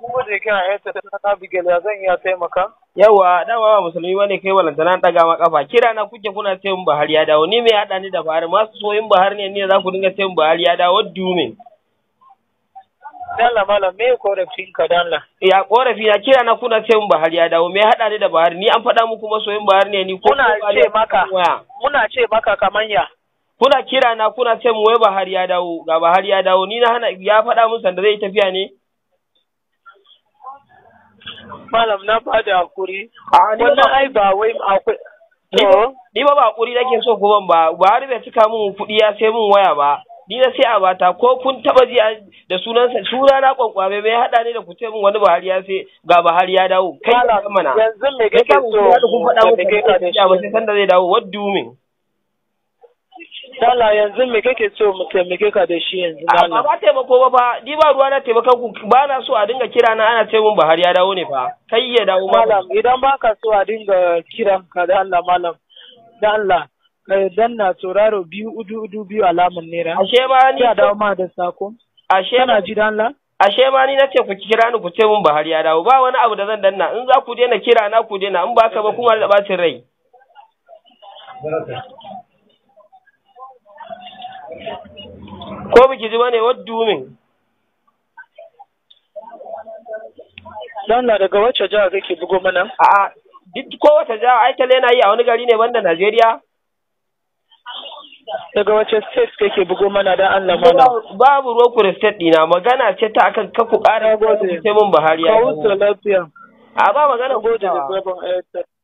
kuma da yake a yanta da na bigela zan iya taimaka. Yawa dama wa musulmi bane kai walantana daga ma kafa kira na kuke kuna ce Buhari ya dawo ni me ya hada ni da Buhari masu so in Buhari ne ne za ku dinga ce Buhari ya dawo what do you Dalla malam me korafin ka dalla? Ya korafi na kira na kuna ce Buhari ya dawo me ya hada ni da Buhari ni an faɗa muku masoyin Buhari ne ni ko muna ce maka muna ce maka kamanya kuna kira na kuna ce mu wai Buhari ya dawo ga Buhari ya dawo ni na hana ya faɗa musu sanda zai tafiya ne malam na ba da hakuri wannan ai ba wai akwai ni ba oh. ba hakuri nake so ko ban ba har bai cika mun kuɗi ya sai mun waya ba ni na sai a bata ko kun taba ji da sunan sura na kwankwame mai hada ne da ku ce min wani har ya sai ga har ya dawo kai mana yanzu me kake so ka faɗa mu kai ka da shi ba sai sanda zai dawo what do you mean Dala yanzu me kake so mu taimake ka da shi yanzu ah, Dala? Ba taimako ba fa, ni ba ruwa na taimaka ku ba na so a dinga kira na ana ce ba har ya dawo ne fa. Kai ya dawo malam. Idan ba ka so a dinga kiran ka da Allah malam. Da Allah. Dan na sauraro biyu udu udu biyu alamun nera. Ashe ma ni. Ya dawo ma da sako. Ashe na ji da Allah. ashe ma ni nace ku kira ni ku ce mun Buhari ya dawo ba wani abu da zan danna in za ku daina kira na ku daina in ba ka ba kuma da bacin rai ko biki ji bane what do you mean na daga wacce jiha kake bugo mana? A'a, duk kowace jiha aikal yana yi a wani gari ne banda Najeriya? Daga wacce state kake bugo mana dan Allah mana? Babu ruwan da state dina, magana ce ta akan kaku ƙara gode sai mun Buhari ya. Kawo lafiya. A ba magana gode da